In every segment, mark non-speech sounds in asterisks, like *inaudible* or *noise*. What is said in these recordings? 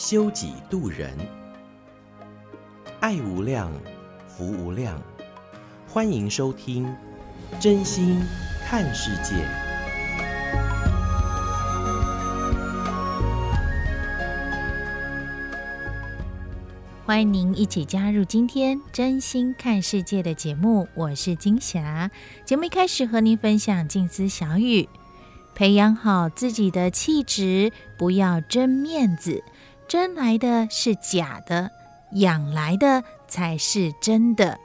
修己度人，愛無量，福無量。歡迎收聽《真心看世界》，歡迎您一起加入今天《真心看世界》的節目。我是金霞。節目一開始和您分享：靜思小語，培養好自己的氣質，不要爭面子。爭來的是假的，養來的才是真的。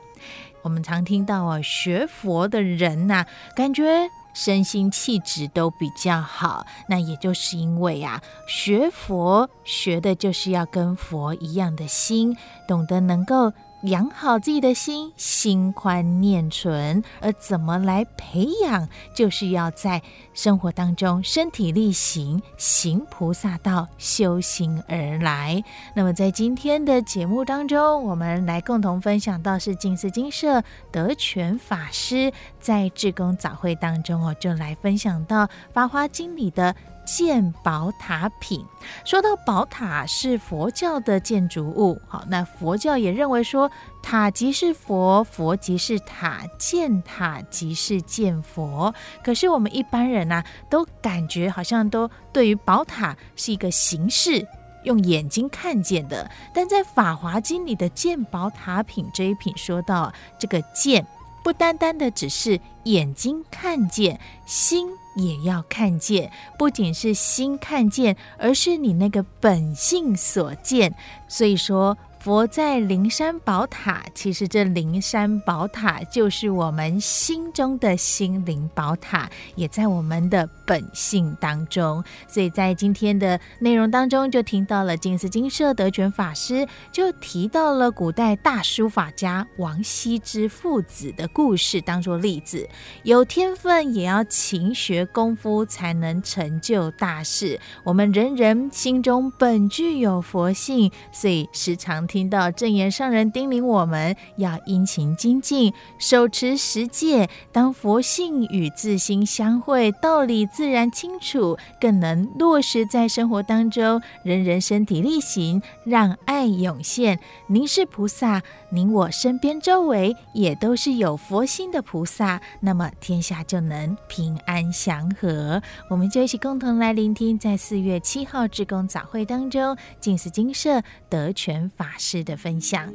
我們常聽到啊，學佛的人吶、啊，感覺身心氣質都比較好。那也就是因為啊，學佛學的就是要跟佛一樣的心，懂得能夠。養好自己的心，心寬念純，而怎麼來培養，就是要在生活當中身體力行，行菩薩道，修行而來。那麼在今天的節目當中，我們來共同分享到是靜思精舍德瑔法師。在志工早會當中，我就來分享到《法華經》裡的“見寶塔品”。說到寶塔是佛教的建築物，好，那佛教也認為說，塔即是佛，佛即是塔，見塔即是見佛。可是我們一般人吶、啊，都感覺好像都對於寶塔是一個形式，用眼睛看見的。但在《法華經》裡的“見寶塔品”這一品，說到這個“見”。不單單的只是眼睛看見，心也要看見。不僅是心看見，而是你那個本性所見。所以說。佛在靈山寶塔，其實這靈山寶塔就是我們心中的心靈寶塔，也在我們的本性當中。所以在今天的內容當中，就聽到了靜思精舍德瑔法師就提到了古代大書法家王羲之父子的故事，當作例子，有天分也要勤學功夫，才能成就大事。我們人人心中本具有佛性，所以時常聽。聽到證嚴上人叮嚀，我們要殷勤精進，守持十戒，當佛性與自心相會，道理自然清楚，更能落實在生活當中，人人身體力行，讓愛湧現。您是菩薩。您我身邊周圍也都是有佛心的菩薩，那麼天下就能平安祥和。我們就一起共同來聆聽，在四月七號志工早會當中，靜思精舍德瑔法師的分享。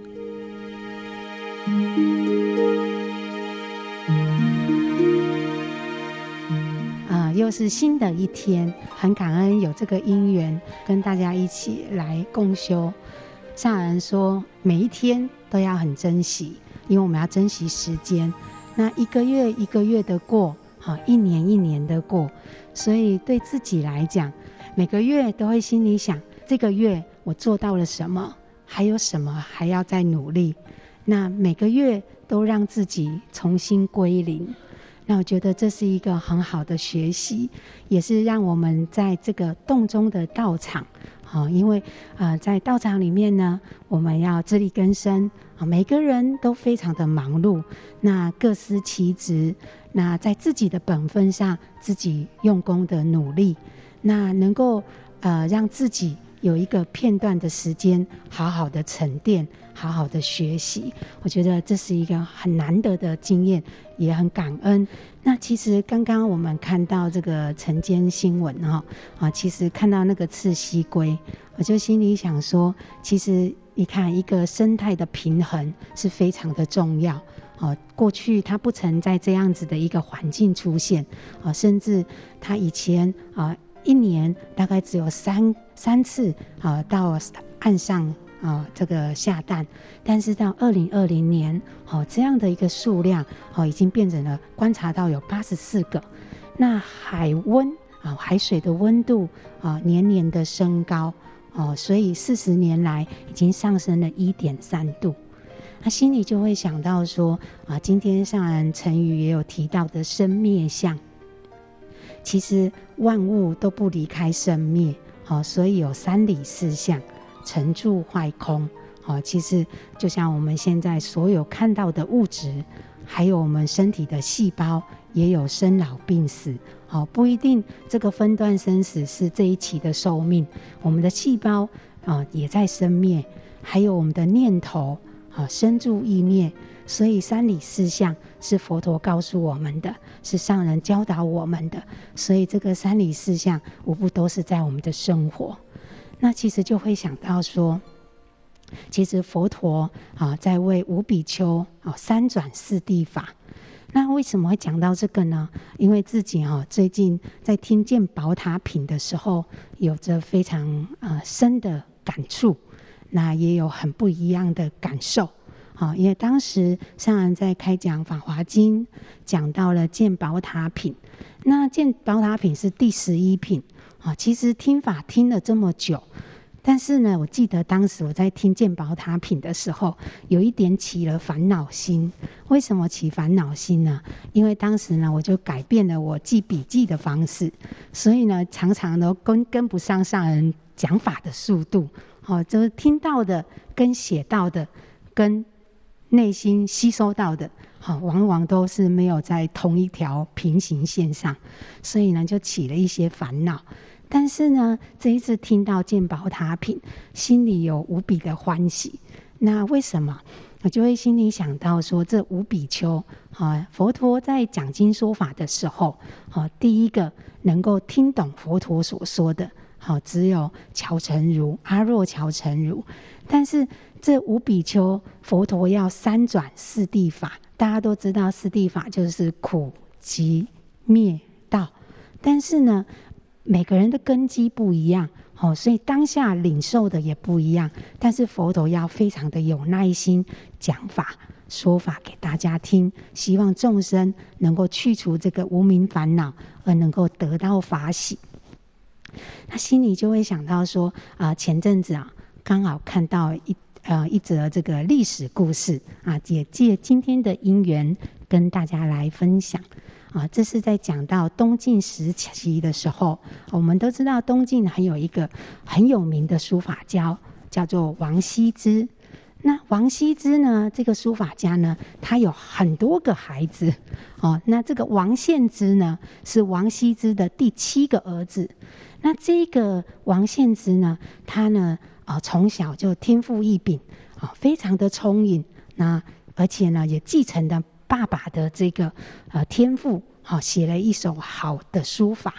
啊、呃，又是新的一天，很感恩有這個因緣跟大家一起來共修。上人說：“每一天都要很珍惜，因為我們要珍惜時間。那一個月一個月的過，好一年一年的過，所以對自己來講，每個月都會心裡想：這個月我做到了什麼？還有什麼還要再努力？那每個月都讓自己重新歸零。那我覺得這是一個很好的學習，也是讓我們在這個洞中的道場。”啊，因為啊，在道場裡面呢，我們要自力更生啊，每個人都非常的忙碌，那各司其職，那在自己的本分上自己用功的努力，那能夠呃讓自己，有一個片段的時間，好好的沉澱，好好的學習，我覺得這是一個很難得的經驗，也很感恩。那其實剛剛我們看到這個晨間新聞哈，啊，其實看到那個赤蠵龜，我就心裡想說，其實你看一個生態的平衡是非常的重要。哦，過去它不曾在這樣子的一個環境出現，啊，甚至它以前啊。一年大概只有三三次啊，到岸上啊這個下蛋，但是到二零二零年哦，這樣的一個數量哦，已經變成了觀察到有八十四個。那海溫啊，海水的溫度啊，年年的升高哦、啊，所以四十年來已經上升了一點三度。那心裡就會想到說啊，今天像陳宇也有提到的生滅相。其實萬物都不離開生滅，好，所以有三理四相，成住壞空。好，其實就像我們現在所有看到的物質，還有我們身體的細胞，也有生老病死。好，不一定這個分段生死是這一期的壽命，我們的細胞啊也在生滅，還有我們的念頭。啊，生住異滅，所以三理四相是佛陀告訴我們的，是上人教導我們的，所以這個三理四相無不都是在我們的生活。那其實就會想到說，其實佛陀啊，在為五比丘啊三轉四諦法。那為什麼會講到這個呢？因為自己啊，最近在聽見寶塔品的時候，有着非常啊深的感觸。那也有很不一樣的感受，啊，因為當時上人在開講《法華經》，講到了《見寶塔品》，那《見寶塔品》是第十一品，啊，其實聽法聽了這麼久，但是呢，我記得當時我在聽《見寶塔品》的時候，有一點起了煩惱心。為什麼起煩惱心呢？因為當時呢，我就改變了我記筆記的方式，所以呢，常常都跟跟不上上人講法的速度。哦，就是聽到的跟寫到的，跟內心吸收到的，好，往往都是沒有在同一條平行線上，所以呢，就起了一些煩惱。但是呢，這一次聽到見寶塔品，心裡有無比的歡喜。那為什麼？我就會心裡想到說，這五比丘，啊，佛陀在講經說法的時候，啊，第一個能夠聽懂佛陀所說的。好，只有憍陳如、阿若憍陳如，但是這五比丘，佛陀要三轉四諦法，大家都知道四諦法就是苦集滅道，但是呢，每個人的根基不一樣，哦，所以當下領受的也不一樣。但是佛陀要非常的有耐心講法說法給大家聽，希望眾生能夠去除這個無明煩惱，而能夠得到法喜。他心裡就會想到說：“啊、呃，前陣子啊，剛好看到一呃一則這個歷史故事啊，也借今天的因緣跟大家來分享啊。這是在講到東晉時期的時候，我們都知道東晉還有一個很有名的書法家，叫做王羲之。那王羲之呢，這個書法家呢，他有很多個孩子哦。那這個王獻之呢，是王羲之的第七個兒子。”那這個王獻之呢，他呢啊從、呃、小就天賦異稟，啊、呃、非常的聰穎，那而且呢也繼承了爸爸的這個呃天賦，好寫了一手好的書法。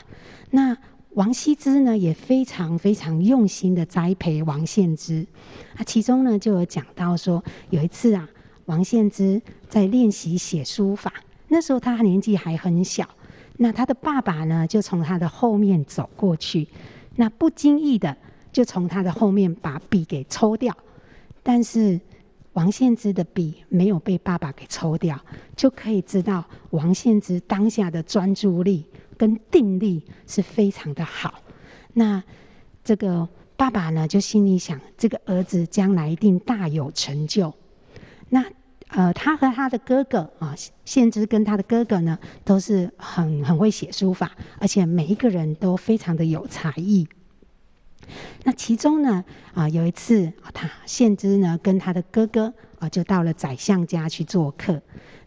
那王羲之呢也非常非常用心的栽培王獻之，啊其中呢就有講到說有一次啊，王獻之在練習寫書法，那時候他年紀還很小。那他的爸爸呢，就從他的後面走過去，那不經意的就從他的後面把筆給抽掉，但是王獻之的筆沒有被爸爸給抽掉，就可以知道王獻之當下的專注力跟定力是非常的好。那這個爸爸呢，就心裡想，這個兒子將來一定大有成就。那。呃，他和他的哥哥啊，獻之跟他的哥哥呢，都是很很會寫書法，而且每一個人都非常的有才藝。那其中呢，啊有一次，他、啊、獻之呢跟他的哥哥啊就到了宰相家去做客，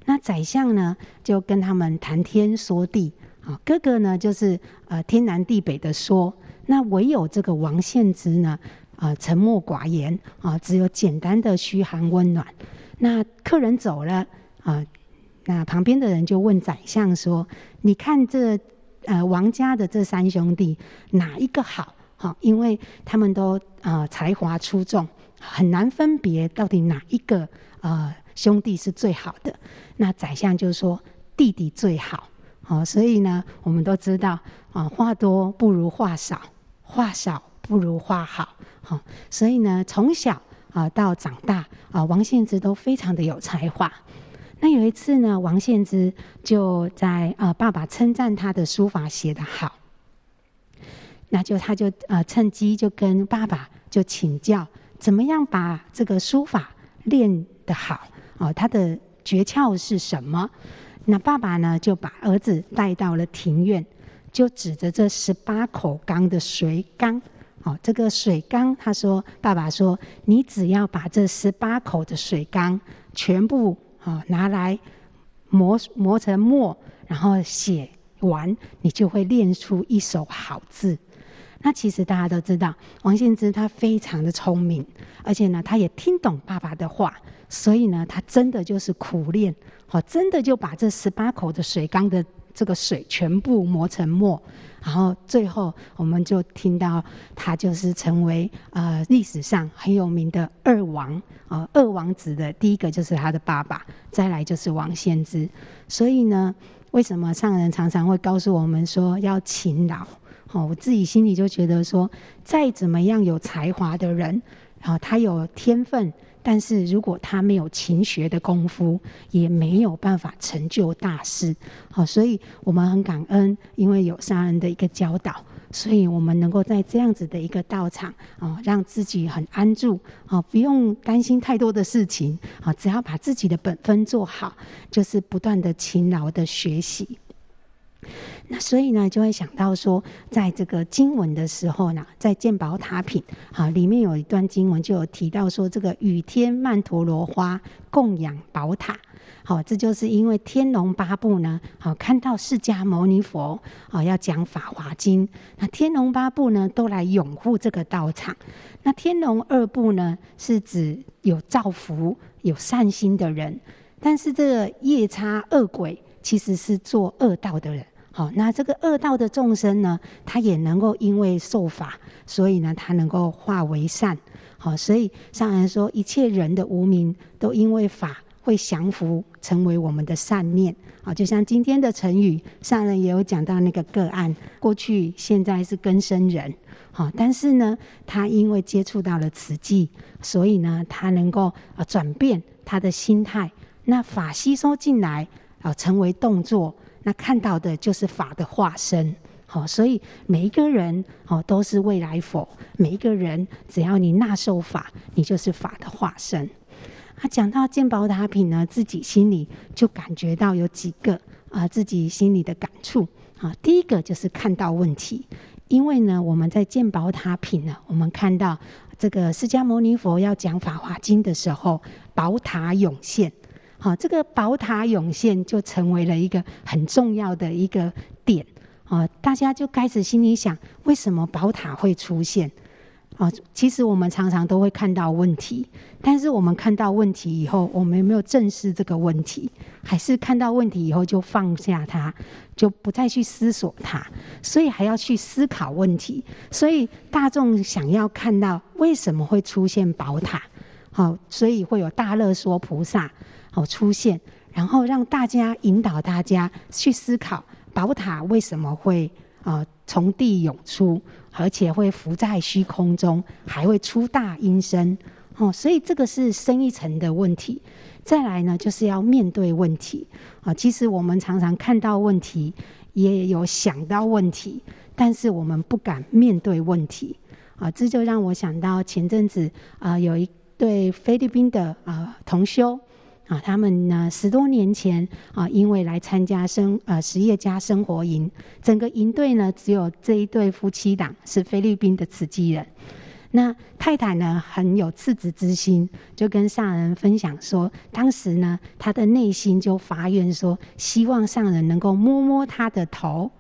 那宰相呢就跟他們談天說地，啊哥哥呢就是呃天南地北的說，那唯有這個王獻之呢，啊、呃、沉默寡言，啊只有簡單的噓寒問暖。那客人走了啊、呃，那旁邊的人就問宰相說：“你看這呃王家的這三兄弟，哪一個好？哈、哦，因為他們都呃才華出眾，很難分別到底哪一個呃兄弟是最好的。”那宰相就說：“弟弟最好。”哦、好，所以呢，我們都知道啊、哦，話多不如話少，話少不如話好。好、哦，所以呢，從小。啊、呃，到長大啊、呃，王獻之都非常的有才華。那有一次呢，王獻之就在啊、呃，爸爸稱讚他的書法寫得好，那就他就呃趁機就跟爸爸就請教，怎麼樣把這個書法練得好呃？他的訣竅是什麼？那爸爸呢就把兒子帶到了庭院，就指着這十八口缸的水缸。哦，這個水缸，他說，爸爸說，你只要把這十八口的水缸全部啊、哦、拿來磨磨成墨，然後寫完，你就會練出一手好字。那其實大家都知道，王獻之他非常的聰明，而且呢，他也聽懂爸爸的話，所以呢，他真的就是苦練，哦，真的就把這十八口的水缸的。這個水全部磨成墨，然後最後我們就聽到他就是成為呃歷史上很有名的二王啊，二王子的第一個就是他的爸爸，再來就是王獻之。所以呢，為什麼上人常常會告訴我們說要勤勞？哦，我自己心裡就覺得說，再怎麼樣有才華的人，然後他有天分。但是如果他沒有勤學的功夫，也沒有辦法成就大事。好，所以我們很感恩，因為有上人的一個教導，所以我們能夠在這樣子的一個道場，哦，讓自己很安住，哦，不用擔心太多的事情，哦，只要把自己的本分做好，就是不斷的勤勞的學習。那所以呢，就會想到說，在這個經文的時候呢，在見寶塔品，好、啊，裡面有一段經文就有提到說，這個雨天曼陀羅花供養寶塔，好、啊，這就是因為天龍八部呢，好、啊、看到釋迦牟尼佛，好、啊、要講法華經，那天龍八部呢都來擁護這個道場，那天龍二部呢是指有造福、有善心的人，但是這個夜叉惡鬼其實是做惡道的人。好，那這個惡道的眾生呢，他也能夠因為受法，所以呢，他能夠化為善。好，所以上人說，一切人的無明都因為法會降服，成為我們的善念。好，就像今天的成語，上人也有講到那個個案，過去現在是更生人。好，但是呢，他因為接觸到了慈濟，所以呢，他能夠啊轉變他的心態。那法吸收進來，啊，成為動作。那看到的就是法的化身，好，所以每一個人哦都是未來佛。每一個人只要你納受法，你就是法的化身。啊，講到見寶塔品呢，自己心裡就感覺到有幾個啊、呃，自己心裡的感觸啊。第一個就是看到問題，因為呢我們在見寶塔品呢，我們看到這個釋迦牟尼佛要講法華經的時候，寶塔湧現。啊，這個寶塔湧現就成為了一個很重要的一個點啊，大家就開始心裡想，為什麼寶塔會出現？啊，其實我們常常都會看到問題，但是我們看到問題以後，我們有沒有正視這個問題？還是看到問題以後就放下它，就不再去思索它？所以還要去思考問題。所以大眾想要看到為什麼會出現寶塔，好，所以會有大樂說菩薩。好，出現，然後讓大家引導大家去思考寶塔為什麼會啊從地湧出，而且會浮在虛空中，還會出大音聲。哦，所以這個是深一層的問題。再來呢，就是要面對問題。啊，其實我們常常看到問題，也有想到問題，但是我們不敢面對問題。啊，這就讓我想到前陣子啊，有一對菲律賓的啊同修。啊，他們呢十多年前啊，因為來參加生呃實業家生活營，整個營隊呢只有這一對夫妻檔是菲律賓的慈濟人。那太太呢很有赤子之心，就跟上人分享說，當時呢他的內心就發願說，希望上人能夠摸摸他的頭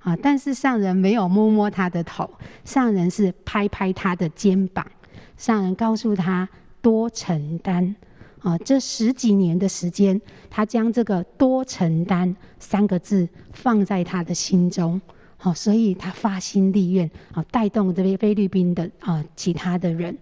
啊，但是上人沒有摸摸他的頭，上人是拍拍他的肩膀，上人告訴他多承擔。啊，這十幾年的時間，他將這個“多承擔”三個字放在他的心中，好，所以他發心立願，啊，帶動這邊菲律賓的啊其他的人，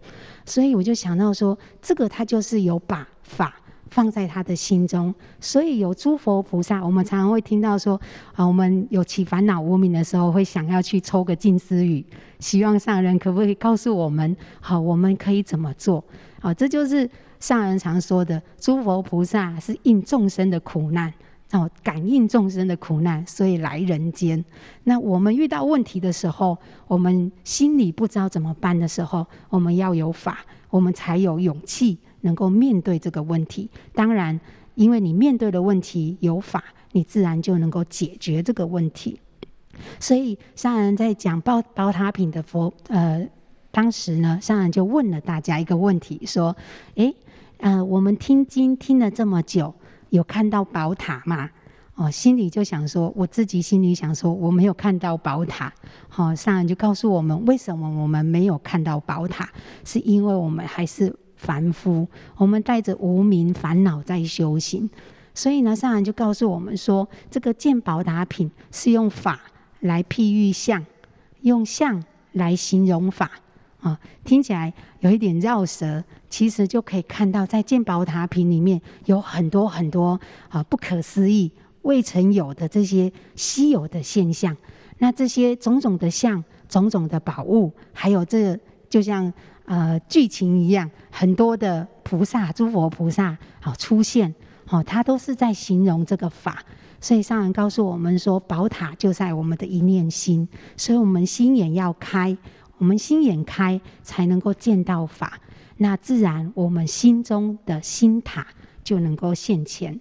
所以我就想到說，這個他就是有把法放在他的心中，所以有諸佛菩薩，我們常常會聽到說，啊，我們有起煩惱無明的時候，會想要去抽個靜思語，希望上人可不可以告訴我們，好，我們可以怎麼做？啊，這就是。上人常說的，諸佛菩薩是應眾生的苦難，哦，感應眾生的苦難，所以來人間。那我們遇到問題的時候，我們心裡不知道怎麼辦的時候，我們要有法，我們才有勇氣能夠面對這個問題。當然，因為你面對的問題有法，你自然就能夠解決這個問題。所以，上人在講寶、寶塔品的佛，呃，當時呢，上人就問了大家一個問題，說：哎。呃，我們聽經聽了這麼久，有看到寶塔嗎？哦，心裡就想說，我自己心裡想說，我沒有看到寶塔。好、哦，上人就告訴我們，為什麼我們沒有看到寶塔？是因為我們還是凡夫，我們帶着無明煩惱在修行。所以呢，上人就告訴我們說，這個見寶塔品是用法來譬喻相，用相來形容法。啊、哦，聽起來有一點繞舌。其實就可以看到，在見寶塔品裡面有很多很多啊不可思議、未曾有的這些稀有的現象。那這些種種的像種種的寶物，還有這就像呃劇情一樣，很多的菩薩、諸佛菩薩好出現，哦，它都是在形容這個法。所以上人告訴我們說，寶塔就在我們的一念心，所以我們心眼要開，我們心眼開才能夠見到法。那自然，我們心中的心塔就能夠現前，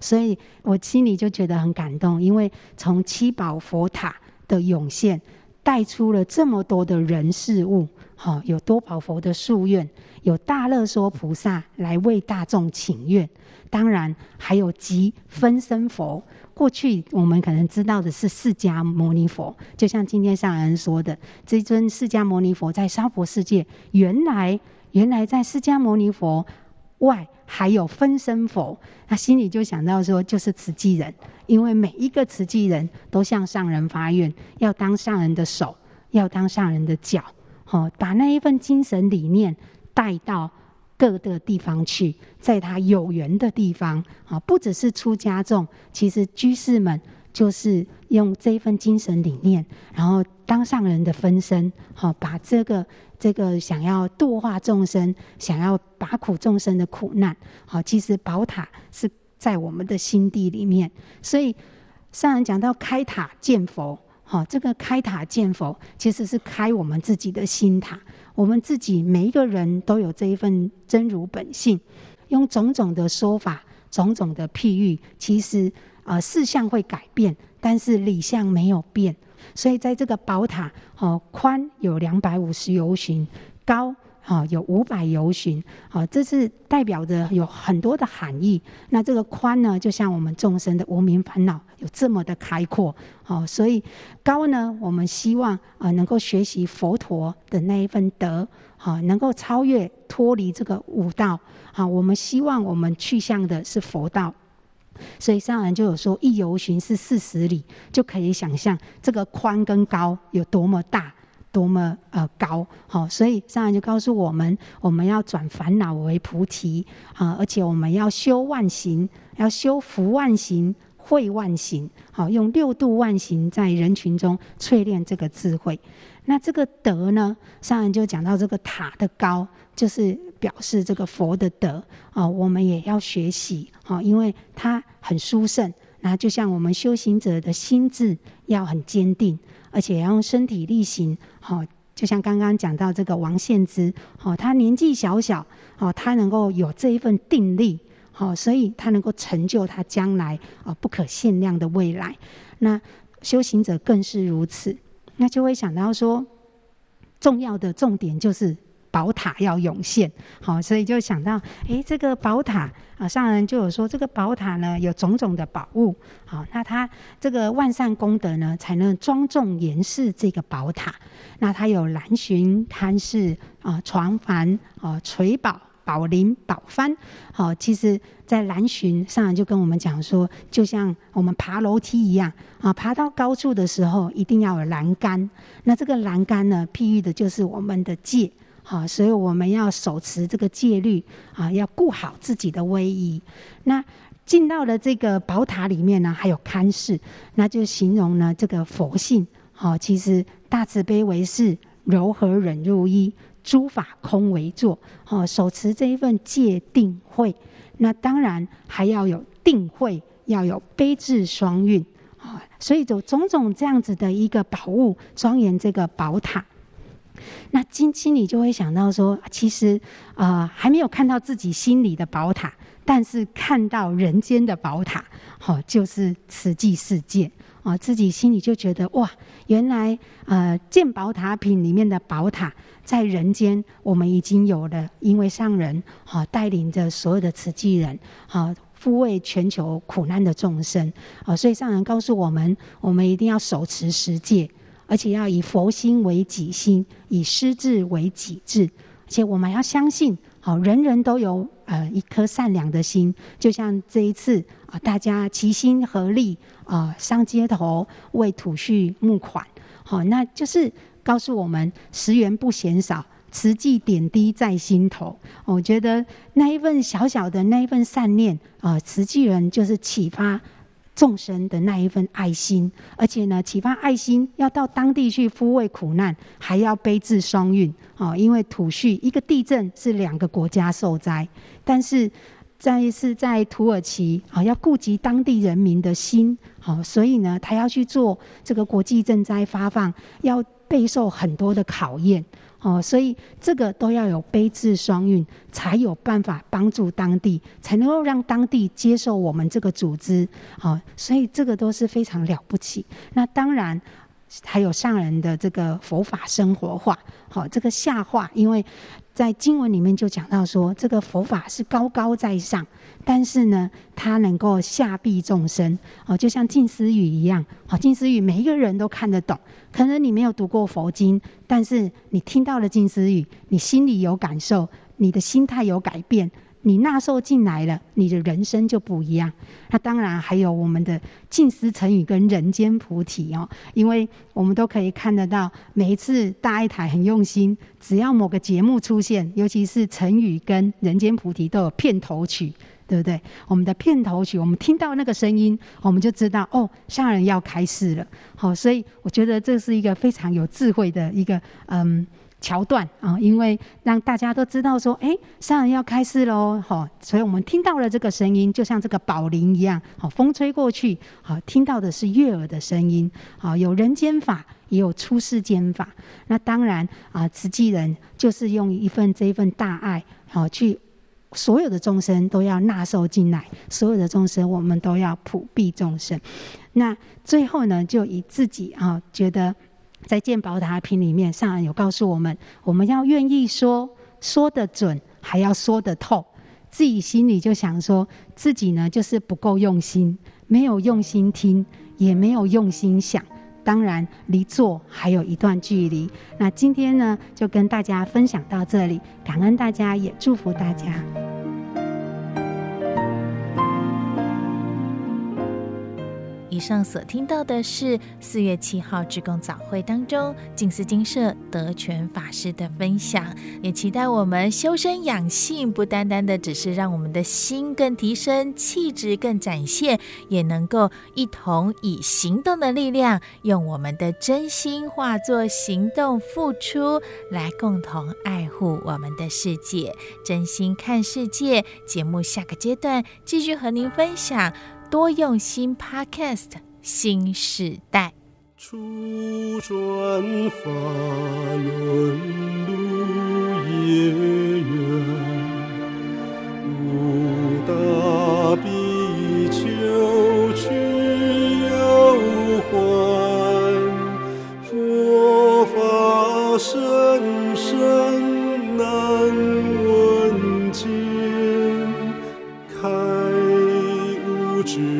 所以我心裡就覺得很感動，因為從七寶佛塔的湧現，帶出了這麼多的人事物。哦、有多寶佛的夙願，有大樂說菩薩來為大眾請願，當然還有集分身佛。過去我們可能知道的是釋迦牟尼佛，就像今天上人說的，這尊釋迦牟尼佛在娑婆世界原來。原來在釋迦牟尼佛外，還有分身佛，他心裡就想到說，就是慈濟人，因為每一個慈濟人都向上人發願，要當上人的手，要當上人的腳，把那一份精神理念帶到各個地方去，在他有緣的地方，不只是出家眾，其實居士們。就是用這一份精神理念，然後當上人的分身，好，把這個這個想要度化眾生，想要拔苦眾生的苦難，好，其實寶塔是在我們的心地裡面。所以上人講到開塔見佛，好，這個開塔見佛其實是開我們自己的心塔。我們自己每一個人都有這一份真如本性，用種種的說法、種種的譬喻，其實。呃，事相會改變，但是理相沒有變，所以在這個寶塔，哦、呃，寬有兩百五十由旬，高啊、呃、有五百由旬，啊、呃，這是代表着有很多的含義。那這個寬呢，就像我們眾生的無明煩惱有這麼的開闊，哦、呃，所以高呢，我們希望啊、呃、能夠學習佛陀的那一份德，啊、呃，能夠超越脫離這個五道，啊、呃，我們希望我們去向的是佛道。所以上人就有說，一由旬是四十里，就可以想象這個寬跟高有多麼大，多麼呃高。好、哦，所以上人就告訴我們，我們要轉煩惱為菩提啊、呃，而且我們要修萬行，要修福萬行，慧萬行，好、哦，用六度萬行在人群中淬鍊這個智慧。那這個德呢，上人就講到這個塔的高，就是。表示這個佛的德啊、哦，我們也要學習啊、哦，因為他很殊勝。那就像我們修行者的心智要很堅定，而且要用身體力行。好、哦，就像剛剛講到這個王獻之，好、哦，他年紀小小，好、哦，他能夠有這一份定力，好、哦，所以他能夠成就他將來啊、哦、不可限量的未來。那修行者更是如此，那就會想到說，重要的重點就是。.寶塔要湧現，好，所以就想到，哎、欸，這個寶塔啊，上人就有說，這個寶塔呢，有種種的寶物，好，那它這個萬善功德呢，才能莊重嚴飾這個寶塔。那它有欄楯龕室啊，幢幡啊，垂寶、寶鈴寶幡，好，其實在欄楯上人就跟我們講說，就像我們爬樓梯一樣啊，爬到高處的時候，一定要有欄杆，那這個欄杆呢，譬喻的就是我們的戒。啊，所以我們要守持這個戒律，啊，要顧好自己的威儀。那進到了這個寶塔裡面呢，還有龕室，那就形容呢這個佛性。好，其實大慈悲為室，柔和忍辱衣，諸法空為座。哦，守持這一份戒定慧，那當然還要有定慧，要有悲智雙運。啊，所以就種種這樣子的一個寶物，莊嚴這個寶塔。那今心裡就會想到說，其實啊、呃、還沒有看到自己心裡的寶塔，但是看到人間的寶塔，好、哦、就是慈濟世界啊、哦，自己心裡就覺得哇，原來呃見寶塔品裡面的寶塔在人間我們已經有了，因為上人啊帶、哦、領着所有的慈濟人啊，護、哦、衛全球苦難的眾生啊、哦，所以上人告訴我們，我們一定要守持十戒。而且要以佛心為己心，以師志為己志，而且我們要相信，好、哦，人人都有呃一顆善良的心。就像這一次啊，大家齊心合力啊、呃，上街頭為土敘募款，好、哦，那就是告訴我們，十元不嫌少，慈濟點滴在心頭。我覺得那一份小小的那一份善念啊、呃，慈濟人就是啟發。眾生的那一份愛心，而且呢，啟發愛心要到當地去撫慰苦難，還要悲智雙運哦，因為土敘一個地震是兩個國家受災，但是在是在土耳其，哦，要顧及當地人民的心，哦，所以呢，他要去做這個國際賑災發放，要備受很多的考驗。哦，所以這個都要有悲智雙運才有辦法幫助當地，才能夠讓當地接受我們這個組織。哦，所以這個都是非常了不起。那當然，還有上人的這個佛法生活化，好、哦，這個下化，因為。在經文裡面就講到說，這個佛法是高高在上，但是呢，它能夠下庇眾生哦，就像靜思語一樣哦，靜思語每一個人都看得懂。可能你沒有讀過佛經，但是你聽到了靜思語，你心裡有感受，你的心態有改變。你納受進來了，你的人生就不一樣。那當然還有我們的《靜思成語》跟《人間菩提》哦，因為我們都可以看得到，每一次大愛台很用心，只要某個節目出現，尤其是《成語》跟《人間菩提》都有片頭曲，對不對？我們的片頭曲，我們聽到那個聲音，我們就知道哦，上人要開示了。好、哦，所以我覺得這是一個非常有智慧的一個嗯。橋段啊，因為讓大家都知道說，哎，上人要開示嘍，哈，所以我們聽到了這個聲音，就像這個寶鈴一樣，好，風吹過去，好，聽到的是悅耳的聲音，好，有人間法，也有出世間法，那當然啊，慈濟人就是用一份這一份大愛，好，去所有的眾生都要納受進來，所有的眾生我們都要普庇眾生，那最後呢，就以自己啊覺得。在《見寶塔品》裡面，上人有告訴我們：我們要願意說，說得準，還要說得透。自己心裡就想說，自己呢就是不夠用心，沒有用心聽，也沒有用心想，當然離做還有一段距離。那今天呢，就跟大家分享到這裡，感恩大家，也祝福大家。以上所聽到的是四月七號志工早會當中靜思精舍德瑔法師的分享，也期待我們修身養性，不單單的只是讓我們的心更提升，氣質更展現，也能夠一同以行動的力量，用我們的真心化作行動付出，來共同愛護我們的世界。真心看世界。節目下個階段繼續和您分享。多用心，Podcast 新時代。初轉法輪路遠，輪度業緣，五大比丘，去遊觀，佛法甚深。不知。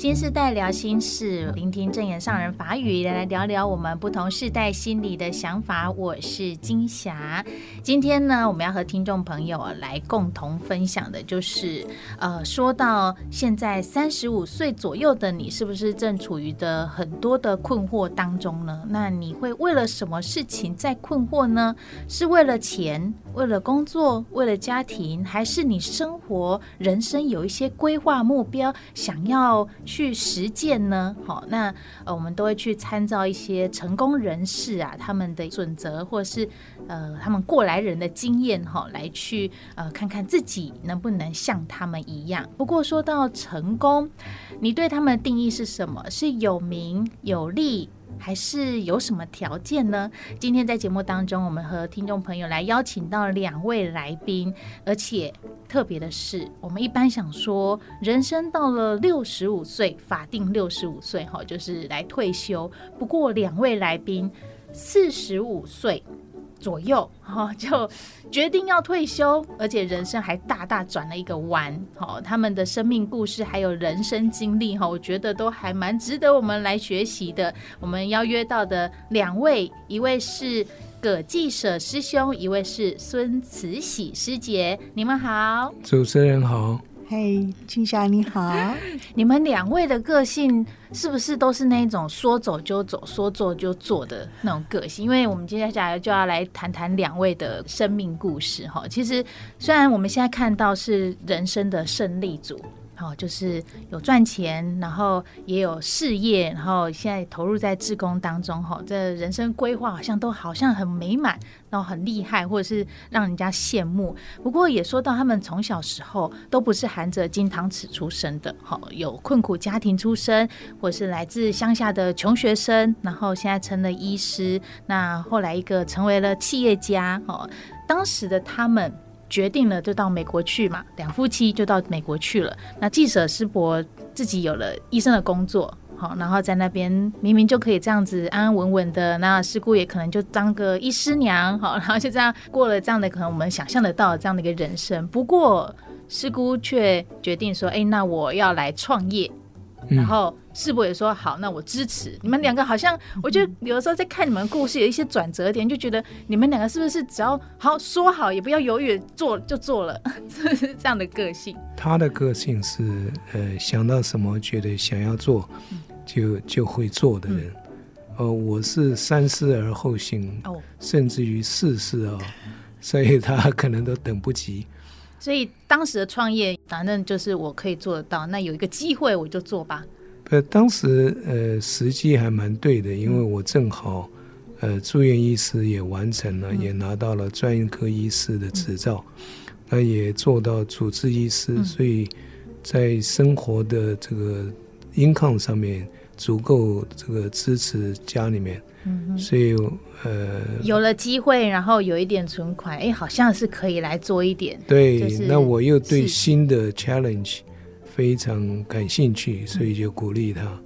心示代聊心事，聆聽證嚴上人法語，來來聊聊我們不同世代心裡的想法。我是金霞，今天呢，我們要和聽眾朋友來共同分享的，就是呃，說到現在三十五歲左右的你，是不是正處於的很多的困惑當中呢？那你會為了什麼事情在困惑呢？是為了錢？為了工作，為了家庭，還是你生活、人生有一些規劃目標，想要去實踐呢？好、哦，那呃，我們都會去參照一些成功人士啊，他們的準則，或是呃，他們過來人的經驗，哈、哦，來去呃，看看自己能不能像他們一樣。不過說到成功，你對他們的定義是什麼？是有名有利？還是有什麼條件呢？今天在節目當中，我們和聽眾朋友來邀請到兩位來賓，而且特別的是，我們一般想說，人生到了六十五歲，法定六十五歲哈，就是來退休。不過兩位來賓四十五歲。左右，就決定要退休，而且人生還大大轉了一個彎，哈，他們的生命故事還有人生經歷，哈，我覺得都還蠻值得我們來學習的。我們邀約到的兩位，一位是葛濟捨師兄，一位是孫慈喜師姐，你們好，主持人好。嘿，青霞，hey, 你好！ *laughs* 你們兩位的個性是不是都是那種說走就走、說做就做的那種個性？因為我們接下來就要來談談兩位的生命故事哈。其實，雖然我們現在看到是人生的勝利組。哦，就是有賺錢，然後也有事業，然後現在投入在志工當中，哈、哦，這人生規劃好像都好像很美滿，然後很厲害，或者是讓人家羨慕。不過也說到他們從小時候都不是含着金湯匙出生的，哈、哦，有困苦家庭出身，或是來自鄉下的窮學生，然後現在成了醫師，那後來一個成為了企業家，哦，當時的他們。決定了就到美國去嘛，兩夫妻就到美國去了。那濟捨師伯自己有了醫生的工作，好，然後在那邊明明就可以這樣子安安穩穩的。那師姑也可能就當個醫師娘，好，然後就這樣過了這樣的可能我們想象得到這樣的一個人生。不過師姑卻決定說：“哎、欸，那我要來創業。”然後。世博也說好，那我支持你們兩個。好像我覺得有時候在看你們的故事有一些轉折點，就覺得你們兩個是不是只要好說好，也不要猶豫做就做了，是 *laughs* 這樣的個性。他的個性是呃，想到什麼覺得想要做，就就會做的人。嗯、呃，我是三思而後行，哦、甚至於四思啊，所以他可能都等不及。所以當時的創業，反正就是我可以做得到，那有一個機會我就做吧。呃，當時呃時機還蠻對的，因為我正好呃住院醫師也完成了，嗯、也拿到了專科醫師的執照，那、嗯呃、也做到主治醫師，所以在生活的這個 income 上面足夠這個支持家裡面，嗯、哼所以呃有了機會，然後有一點存款，哎，好像是可以來做一點。對，就是、那我又對新的 challenge，非常感興趣，所以就鼓勵他，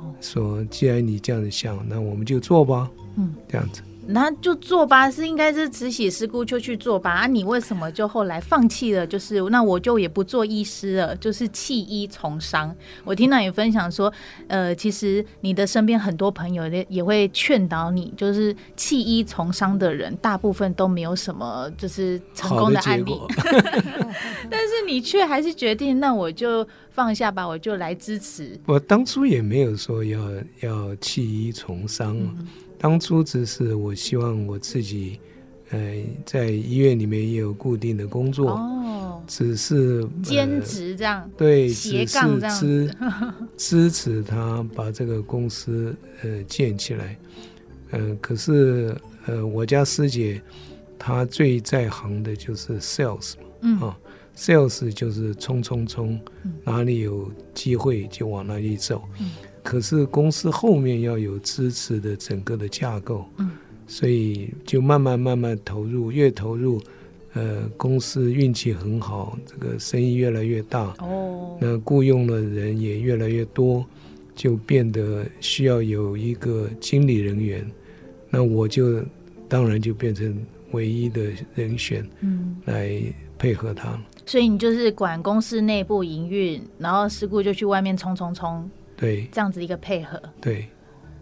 嗯、說：“既然你這樣子想，那我們就做吧。”嗯，這樣子。那就做吧，是應該是慈喜師姑就去做吧啊。你為什麼就後來放棄了？就是那我就也不做醫師了，就是棄醫從商。我聽到你分享說，呃，其實你的身邊很多朋友也也會勸導你，就是棄醫從商的人，大部分都沒有什麼就是成功的案例。 *laughs* *laughs* 但是你卻還是決定，那我就放下吧，我就來支持。我當初也沒有說要要棄醫從商啊。嗯當初只是我希望我自己，呃，在醫院裡面也有固定的工作，哦、只是、呃、兼職這樣，對，只是支支持他把這個公司呃建起來，嗯、呃，可是呃，我家師姐她最在行的就是 sales 嘛、嗯，嗯 sales 就是衝衝衝，哪裡有機會就往哪裡走。嗯可是公司後面要有支持的整個的架構，嗯，所以就慢慢慢慢投入，越投入，呃，公司運氣很好，這個生意越來越大，哦，那僱傭的人也越來越多，就變得需要有一個經理人員，那我就當然就變成唯一的人選，嗯，來配合他。嗯。所以你就是管公司內部營運，然後事故就去外面衝衝衝。對，這樣子一個配合。對，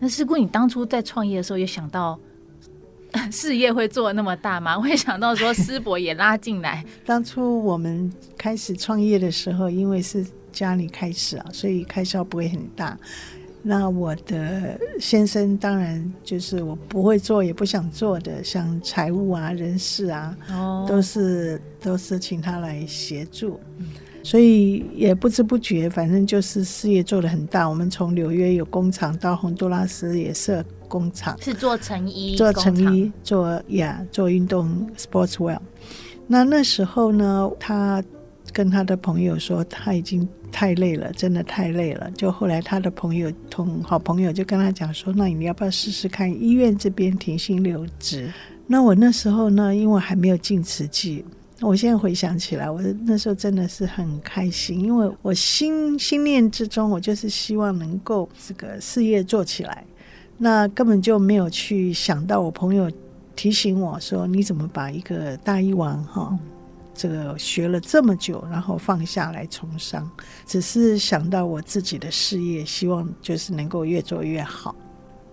那師姑，你當初在創業的時候，有想到事業會做那麼大嗎？會想到說師伯也拉進來？ *laughs* 當初我們開始創業的時候，因為是家裡開始啊，所以開銷不會很大。那我的先生當然就是我不會做也不想做的，像財務啊、人事啊，哦，都是都是請他來協助。所以也不知不覺，反正就是事業做得很大。我們從紐約有工廠，到洪都拉斯也設工廠，是做成衣工廠，做成衣，做成衣，yeah, 做呀，做運動 Sports Well。那那時候呢，他跟他的朋友說他已經太累了，真的太累了。就後來他的朋友同好朋友就跟他講說，那你要不要試試看醫院這邊停薪留職？嗯，那我那時候呢，因為還沒有進慈濟。我現在回想起來，我那時候真的是很開心，因為我心心念之中，我就是希望能夠這個事業做起來，那根本就沒有去想到我朋友提醒我說：“你怎麼把一個大醫王哈、哦，這個學了這麼久，然後放下來從商？”只是想到我自己的事業，希望就是能夠越做越好。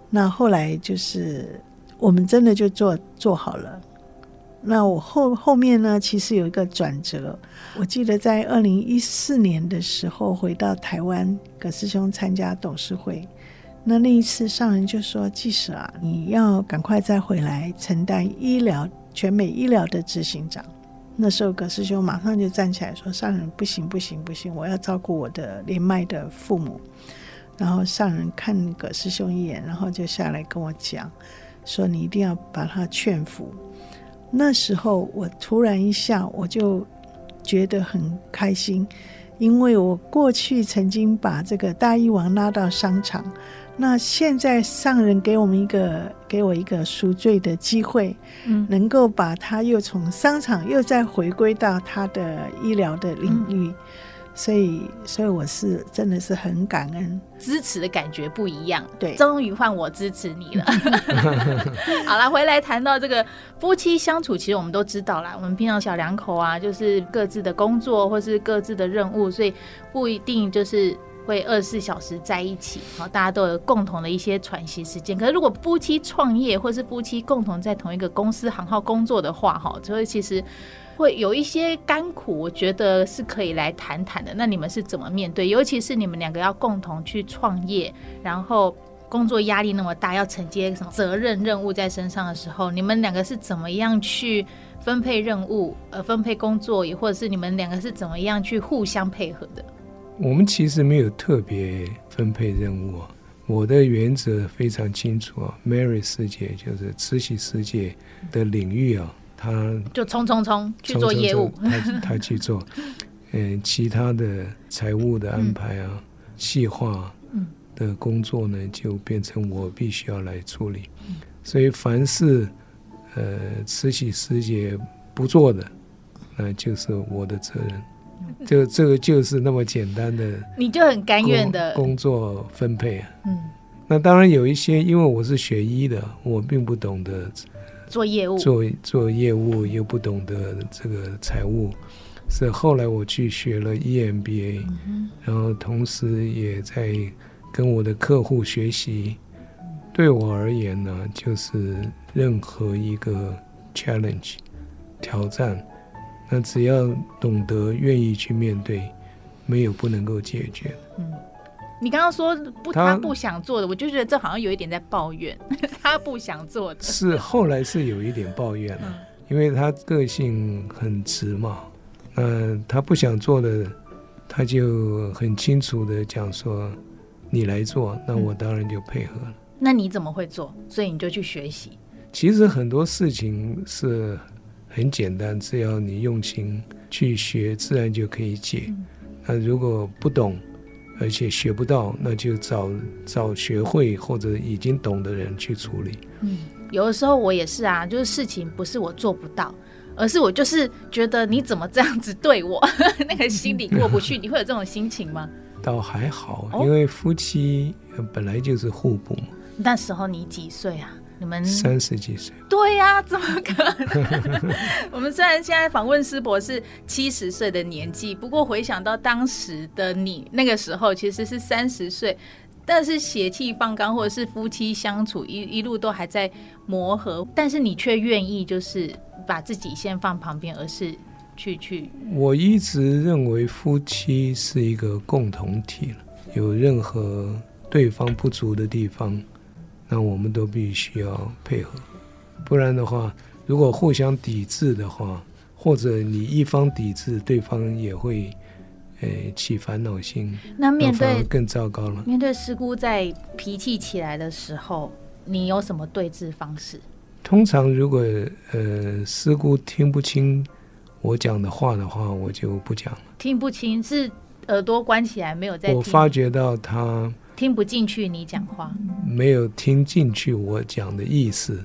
那後來就是我們真的就做做好了。那我後後面呢？其實有一個轉折。我記得在二零一四年的時候，回到台灣，葛師兄參加董事會。那那一次，上人就說：“濟捨啊，你要趕快再回來承擔醫療全美醫療的執行長。”那時候，葛師兄馬上就站起來說：“上人不，不行不行不行，我要照顧我的年邁的父母。”然後上人看葛師兄一眼，然後就下來跟我講說：“你一定要把他勸服。”那時候我突然一下，我就覺得很開心，因為我過去曾經把這個大醫王拉到商場，那現在上人給我們一個給我一個贖罪的機會，嗯，能夠把他又從商場又再回歸到他的醫療的領域。嗯所以，所以我是真的是很感恩，支持的感覺不一樣，對，終於換我支持你了。 *laughs* *laughs* 好了，回來談到這個夫妻相處，其實我們都知道啦。我們平常小兩口啊，就是各自的工作或是各自的任務，所以不一定就是會二十四小時在一起，好，大家都有共同的一些喘息時間。可是如果夫妻創業或是夫妻共同在同一個公司行號工作的話，哈，所以其實。會有一些甘苦，我覺得是可以來談談的。那你們是怎麼面對？尤其是你們兩個要共同去創業，然後工作壓力那麼大，要承接什麼責任任務在身上的時候，你們兩個是怎麼樣去分配任務，呃，分配工作，也或者是你們兩個是怎麼樣去互相配合的？我們其實沒有特別分配任務啊。我的原則非常清楚啊，Mary 世界就是慈喜世界的領域啊。他就衝衝衝去做業務，他他去做，嗯，其他的財務的安排啊、企劃、嗯、的工作呢，就變成我必須要來處理。嗯、所以凡是呃，慈喜師姊不做的，那就是我的責任。就這個就是那麼簡單的，你就很甘願的工作分配啊。嗯，那當然有一些，因為我是學醫的，我並不懂得。做業務，做做業務又不懂得這個財務，所以後來我去學了 EMBA，嗯哼，然後同時也在跟我的客戶學習。對我而言呢，就是任何一個 challenge 挑戰，那只要懂得願意去面對，沒有不能夠解決。你剛剛說不，他，他不想做的，我就覺得這好像有一點在抱怨，他不想做的。是，後來是有一點抱怨了、啊， *laughs* 因為他個性很直嘛，嗯，他不想做的，他就很清楚的講說，你來做，那我當然就配合了、嗯。那你怎麼會做？所以你就去學習。其實很多事情是很簡單，只要你用心去學，自然就可以解。嗯、那如果不懂。而且學不到，那就找找學會或者已經懂的人去處理。嗯，有的時候我也是啊，就是事情不是我做不到，而是我就是覺得你怎麼這樣子對我， *laughs* 那個心裡過不去。嗯、你會有這種心情嗎？倒還好，哦、因為夫妻本來就是互補。那時候你幾歲啊？你們三十幾歲？對呀、啊，怎麼可能？ *laughs* *laughs* 我們雖然現在訪問師伯是七十歲的年紀，不過回想到當時的你那個時候，其實是三十歲，但是血氣方剛，或者是夫妻相處一一路都還在磨合，但是你卻願意就是把自己先放旁邊，而是去去。我一直認為夫妻是一個共同體，有任何對方不足的地方。那我們都必須要配合，不然的話，如果互相抵制的話，或者你一方抵制，對方也會，呃，起煩惱心，那面對更糟糕了。面對師姑在脾氣起來的時候，你有什麼對峙方式？通常如果呃師姑聽不清我講的話的話，我就不講了。聽不清是耳朵關起來沒有在聽？我發覺到他。聽不進去你講話，沒有聽進去我講的意思，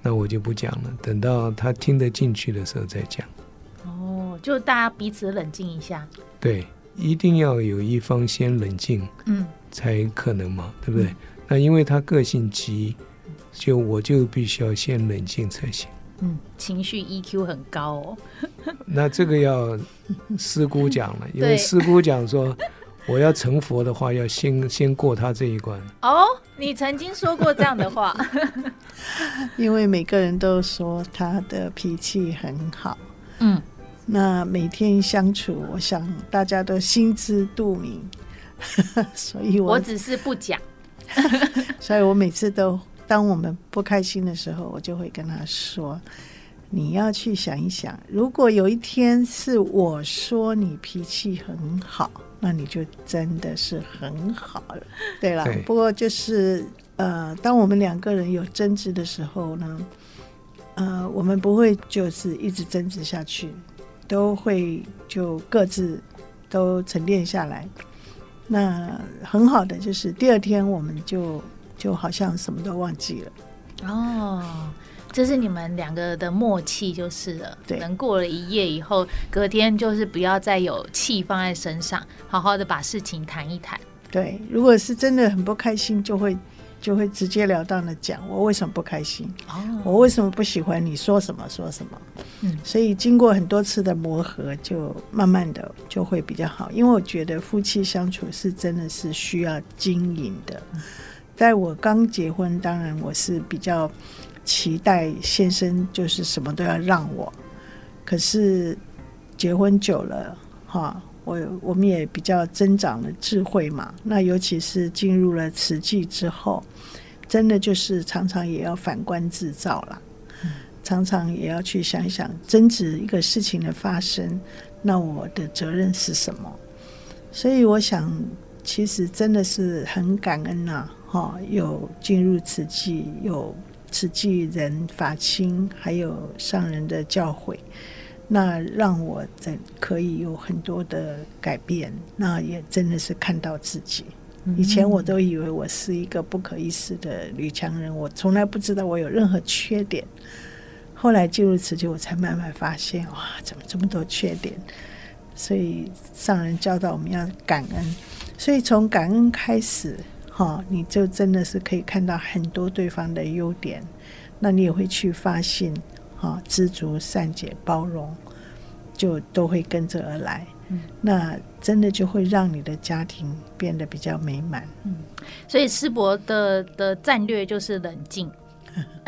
那我就不講了。等到他聽得進去的時候再講。哦，就大家彼此冷靜一下。對，一定要有一方先冷靜，嗯，才可能嘛，嗯、對不對？那因為他個性急，就我就必須要先冷靜才行。嗯，情緒 EQ 很高哦。 *laughs* 那這個要師姑講了，因為 *laughs* 對師姑講說。我要成佛的話，要先先過他這一關。哦，oh, 你曾經說過這樣的話， *laughs* 因為每個人都說他的脾氣很好。嗯，那每天相處，我想大家都心知肚明， *laughs* 所以我，我只是不講。 *laughs* 所以我每次都，當我們不開心的時候，我就會跟他說：“你要去想一想，如果有一天是我說你脾氣很好。”那你就真的是很好了，對了。對。不過就是呃，當我們兩個人有爭執的時候呢，呃，我們不會就是一直爭執下去，都會就各自都沉澱下來。那很好的就是第二天我們就就好像什麼都忘記了哦。這是你們兩個的默契，就是了。對，等過了一夜以後，隔天就是不要再有氣放在身上，好好的把事情談一談。對，如果是真的很不開心就，就會就會直截了當的講，我為什麼不開心？哦，我為什麼不喜歡你？說什麼說什麼？嗯，所以經過很多次的磨合，就慢慢的就會比較好。因為我覺得夫妻相處是真的是需要經營的。在我剛結婚，當然我是比較。期待先生就是什麼都要讓我，可是結婚久了哈，我我們也比較增長了智慧嘛。那尤其是進入了慈濟之後，真的就是常常也要反觀自照了，常常也要去想想，爭執一個事情的發生，那我的責任是什麼？所以我想，其實真的是很感恩吶、啊！哈，有進入慈濟有。慈濟人法親，還有上人的教誨，那讓我真可以有很多的改變。那也真的是看到自己。以前我都以為我是一個不可一世的女強人，我從來不知道我有任何缺點。後來進入慈濟我才慢慢發現，哇，怎麼這麼多缺點？所以上人教導我們要感恩，所以從感恩開始。好，你就真的是可以看到很多對方的優點，那你也會去發心，哈，知足、善解、包容，就都會跟着而來。嗯，那真的就會讓你的家庭變得比較美滿。嗯，所以師伯的的戰略就是冷靜。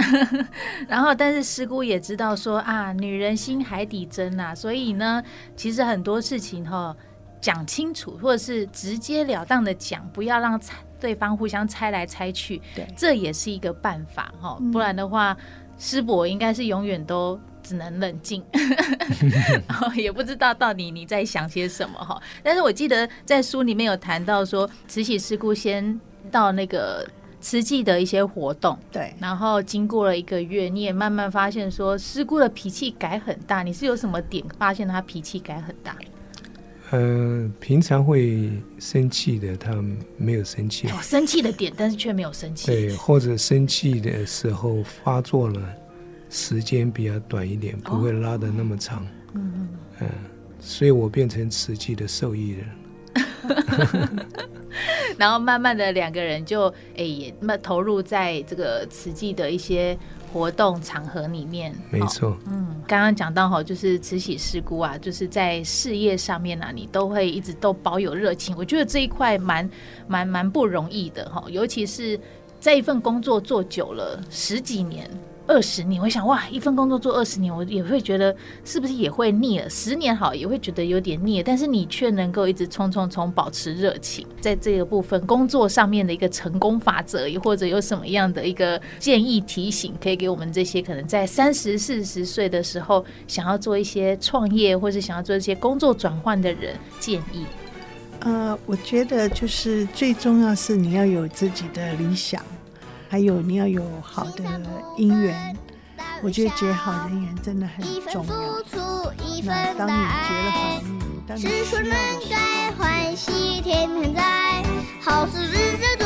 *laughs* 然後，但是師姑也知道說啊，女人心海底針啊，所以呢，其實很多事情哈，講清楚或者是直截了當的講，不要讓。對方互相猜來猜去，對，這也是一個辦法哈。不然的話，師伯應該是永遠都只能冷靜，嗯、 *laughs* 然後也不知道到底你在想些什麼哈。但是我記得在書裡面有談到說，慈喜師姑先到那個慈濟的一些活動，對，然後經過了一個月，你也慢慢發現說師姑的脾氣改很大。你是有什麼點發現她脾氣改很大？嗯、呃，平常會生氣的，他沒有生氣。有、哦、生氣的點，但是卻沒有生氣。對，或者生氣的時候發作了，時間比較短一點，不會拉得那麼長。哦、嗯，嗯、呃、所以我變成慈濟的受益人。 *laughs* *laughs* *laughs* 然後慢慢的兩個人就哎，那、欸、投入在這個慈濟的一些。活動場合裡面，沒錯錯、哦，嗯，剛剛講到齁，就是慈禧事故啊，就是在事業上面呢、啊，你都會一直都保有熱情，我覺得這一塊蠻、蠻、蠻不容易的、哦、尤其是在一份工作做久了十幾年。二十年，我想哇，一份工作做二十年，我也會覺得是不是也會膩了？十年好，也會覺得有點膩了。但是你卻能夠一直衝冲冲，保持熱情，在這個部分工作上面的一個成功法則，又或者有什麼樣的一個建議提醒，可以給我們這些可能在三十、四十歲的時候想要做一些創業，或是想要做一些工作轉換的人建議？呃，我覺得就是最重要是你要有自己的理想。還有你要有好的姻緣，我覺得結好人緣真的很重要。那當你結了好人緣，當然。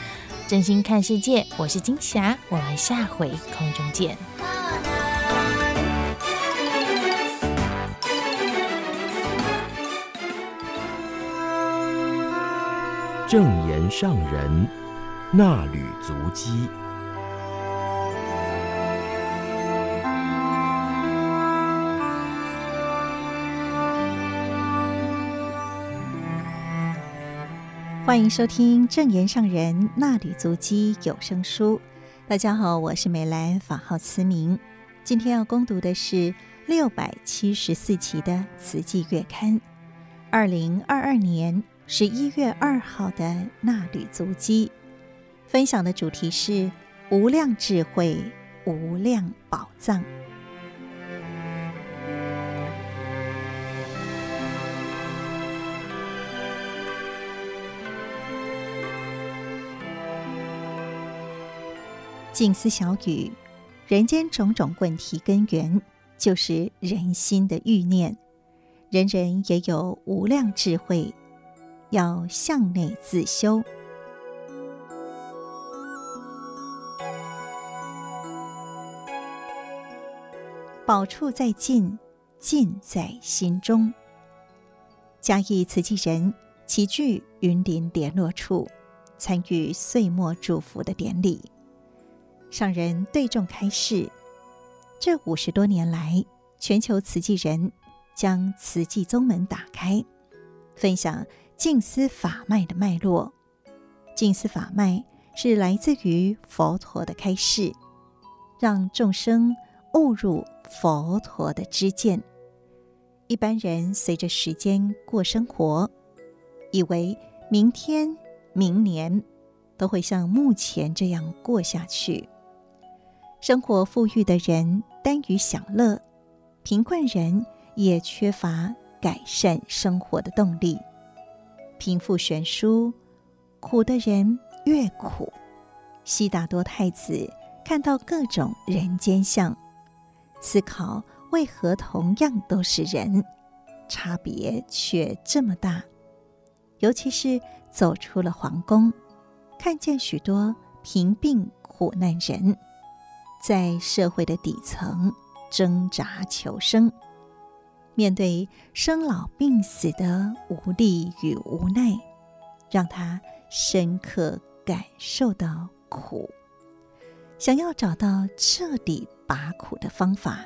真心看世界，我是金霞，我們下回空中見。證嚴上人，衲履足跡。歡迎收聽《證嚴上人衲履足跡有聲書》。大家好，我是美蘭，法號慈明。今天要恭讀的是六百七十四期的《慈濟月刊》，二零二二年十一月二號的《衲履足跡》。分享的主題是“無量智慧，無量寶藏”。靜思小語，人間種種問題根源就是人心的欲念。人人也有無量智慧，要向內自修。寶處在近，近在心中。嘉義慈濟人齊聚雲林聯絡處，參與歲末祝福的典禮。上人對眾開示：這五十多年來，全球慈濟人將慈濟宗門打開，分享靜思法脈的脈絡。靜思法脈是來自於佛陀的開示，讓眾生悟入佛陀的知見。一般人隨着時間過生活，以為明天、明年都會像目前這樣過下去。生活富裕的人耽於享樂，貧困人也缺乏改善生活的動力。貧富懸殊，苦的人越苦。悉達多太子看到各種人間相，思考為何同樣都是人，差別卻這麼大。尤其是走出了皇宮，看見許多貧病苦難人。在社會的底層掙扎求生，面對生老病死的無力與無奈，讓他深刻感受到苦，想要找到徹底拔苦的方法，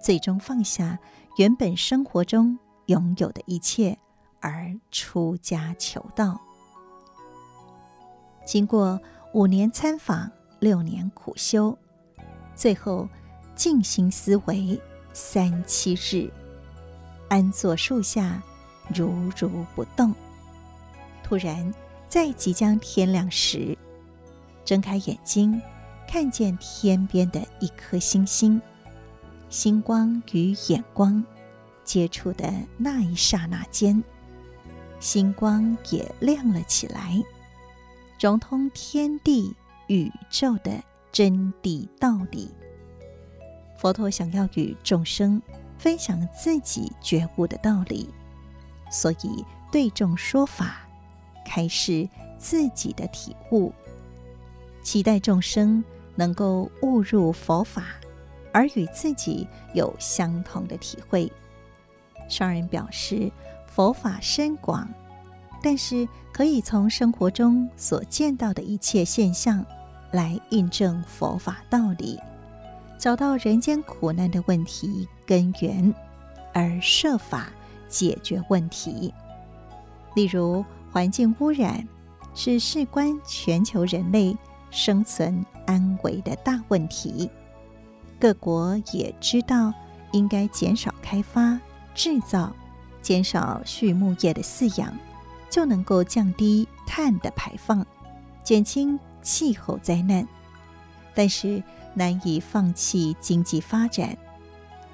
最終放下原本生活中擁有的一切而出家求道。經過五年參訪。六年苦修，最後靜心思維三七日，安坐樹下如如不動。突然，在即將天亮時，睜開眼睛，看見天邊的一顆星星。星光與眼光接觸的那一剎那間，星光也亮了起來，融通天地。宇宙的真諦道理，佛陀想要與眾生分享自己覺悟的道理，所以對眾說法，開示自己的體悟，期待眾生能夠悟入佛法，而與自己有相同的體會。上人表示，佛法深廣，但是可以從生活中所見到的一切現象。來印證佛法道理，找到人間苦難的問題根源，而設法解決問題。例如，環境污染是事關全球人類生存安危的大問題，各國也知道應該減少開發製造，減少畜牧業的飼養，就能夠降低碳的排放，減輕氣候災難，但是難以放棄經濟發展，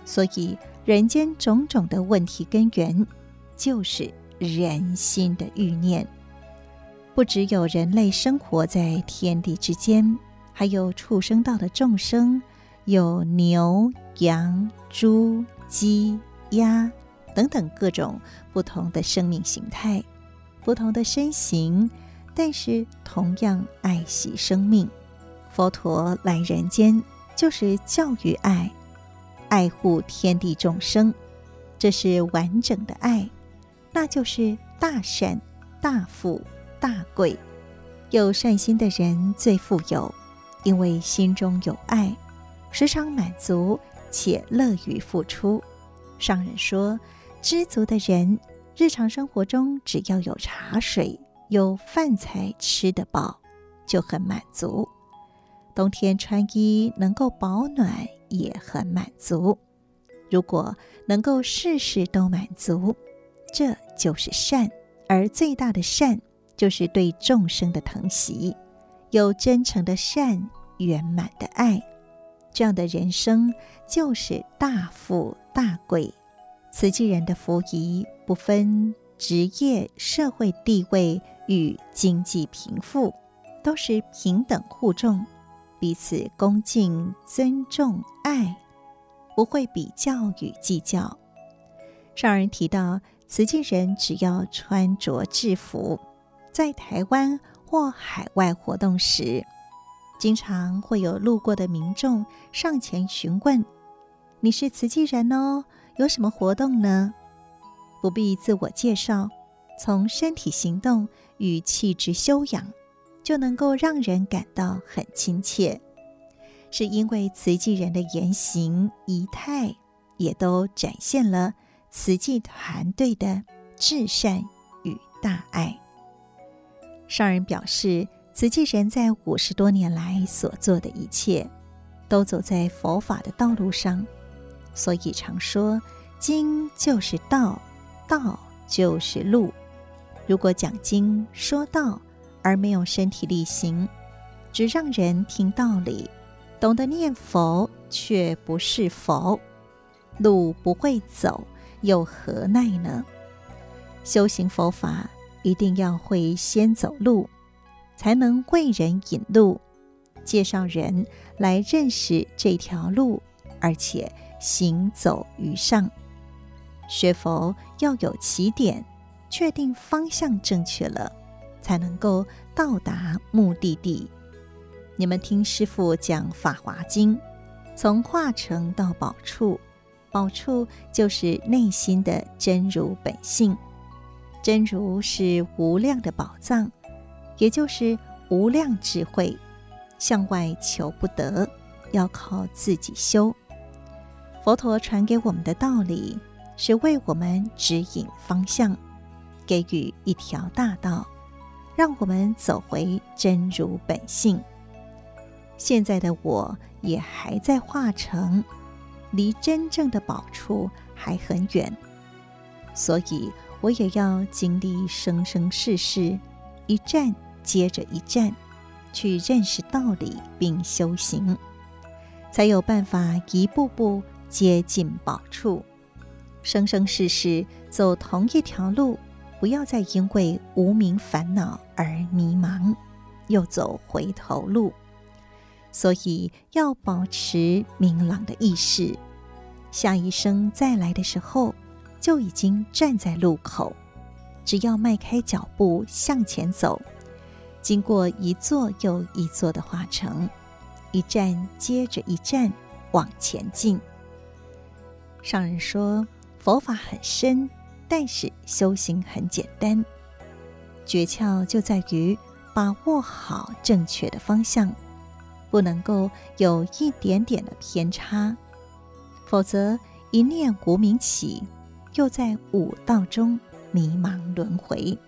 所以人間種種的問題根源就是人心的欲念。不只有人類生活在天地之間，還有畜生道的眾生，有牛、羊、豬、雞、鴨等等各種不同的生命形態，不同的身形。但是同樣愛惜生命，佛陀來人間就是教育愛，愛護天地眾生，這是完整的愛，那就是大善、大富、大貴。有善心的人最富有，因為心中有愛，時常滿足且樂於付出。上人說，知足的人，日常生活中只要有茶水。有飯才吃得飽，就很滿足；冬天穿衣能夠保暖，也很滿足。如果能夠事事都滿足，這就是善。而最大的善，就是對眾生的疼惜。有真誠的善，圓滿的愛，這樣的人生就是大富大貴。慈濟人的福因不分職業、社會地位。與經濟貧富都是平等互重，彼此恭敬尊重愛，不會比較與計較。上人提到，慈濟人只要穿着制服，在台灣或海外活動時，經常會有路過的民眾上前詢問：“你是慈濟人哦，有什麼活動呢？”不必自我介紹，從身體行動。與氣質修養，就能夠讓人感到很親切。是因為慈濟人的言行儀態，也都展現了慈濟團隊的至善與大愛。上人表示，慈濟人在五十多年來所做的一切，都走在佛法的道路上，所以常說“經就是道，道就是路”。如果講經說道而沒有身體力行，只讓人聽道理，懂得念佛卻不是佛，路不會走，又何奈呢？修行佛法一定要會先走路，才能為人引路，介紹人來認識這條路，而且行走於上。學佛要有起點。確定方向正確了，才能夠到達目的地。你們聽師父講《法華經》，從化城到寶處，寶處就是內心的真如本性。真如是無量的寶藏，也就是無量智慧。向外求不得，要靠自己修。佛陀傳給我們的道理，是為我們指引方向。給予一條大道，讓我們走回真如本性。現在的我也還在化城，離真正的寶處還很遠，所以我也要經歷生生世世，一站接着一站，去認識道理並修行，才有辦法一步步接近寶處。生生世世走同一條路。不要再因為無明煩惱而迷茫，又走回頭路。所以要保持明朗的意識，下一生再來的時候，就已經站在路口，只要邁開腳步向前走，經過一座又一座的化城，一站接着一站往前進。上人說，佛法很深。但是修行很簡單，訣竅就在於把握好正確的方向，不能夠有一點點的偏差，否則一念無明起，又在五道中迷茫輪迴，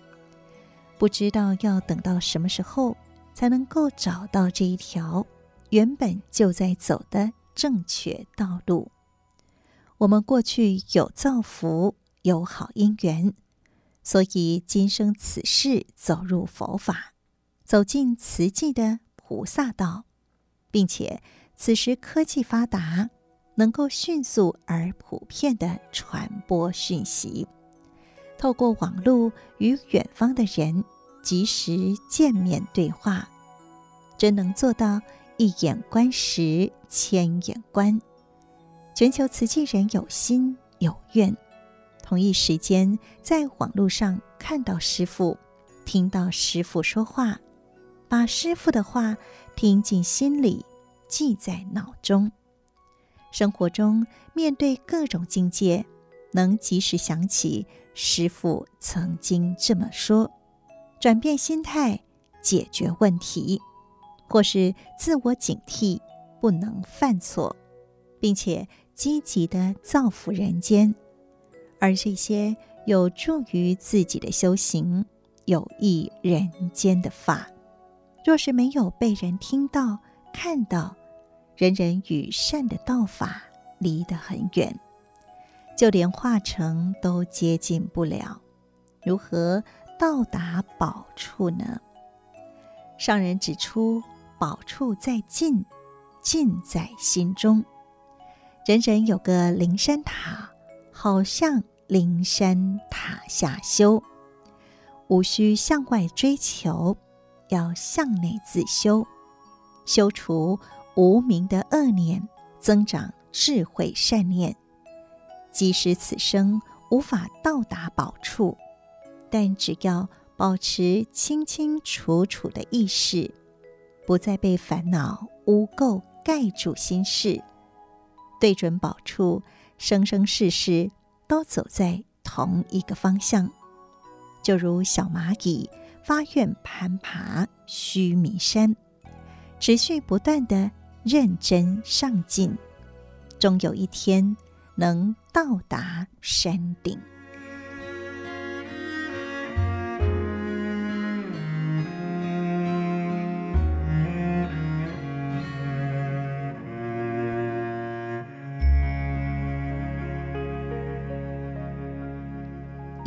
不知道要等到什麼時候才能夠找到這一條原本就在走的正確道路。我們過去有造福。有好因緣，所以今生此世走入佛法，走進慈濟的菩薩道，並且此時科技發達，能夠迅速而普遍的傳播訊息，透過網路與遠方的人及時見面對話，真能做到一眼觀時千眼觀。全球慈濟人有心有願。同一時間，在網絡上看到師父，聽到師父說話，把師父的話聽進心裡，記在腦中。生活中面對各種境界，能及時想起師父曾經這麼說，轉變心態，解決問題，或是自我警惕，不能犯錯，並且積極地造福人間。而這些有助於自己的修行、有益人間的法，若是沒有被人聽到、看到，人人與善的道法離得很遠，就連化城都接近不了，如何到達寶處呢？上人指出，寶處在近，近在心中，人人有個靈山塔。好向靈山塔下修。無需向外追求，要向內自修，修除無明的惡念、增長智慧善念。即使此生無法到達寶處，但只要保持清清楚楚的意識，不再被煩惱污垢蓋住心事，對準寶處。生生世世都走在同一個方向，就如小螞蟻發願攀爬須彌山，持續不斷的認真上進，終有一天能到達山頂。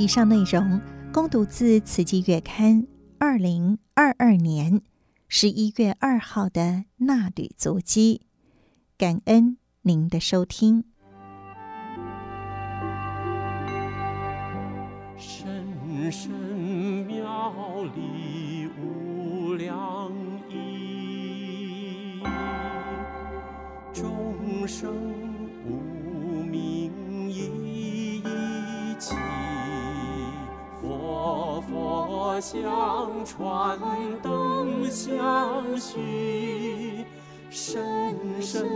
以上內容恭讀自《慈濟月刊》二零二二年十一月二號的衲履足跡，感恩您的收聽。深深妙理無量義，眾生。相傳燈相許，聲聲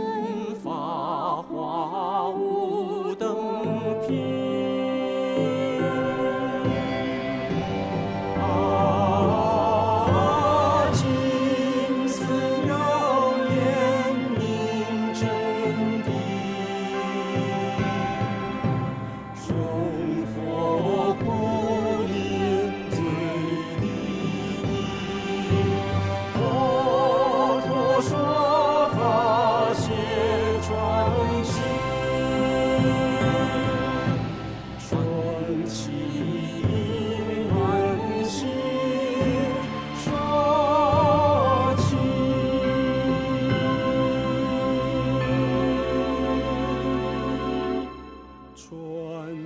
法華無等品。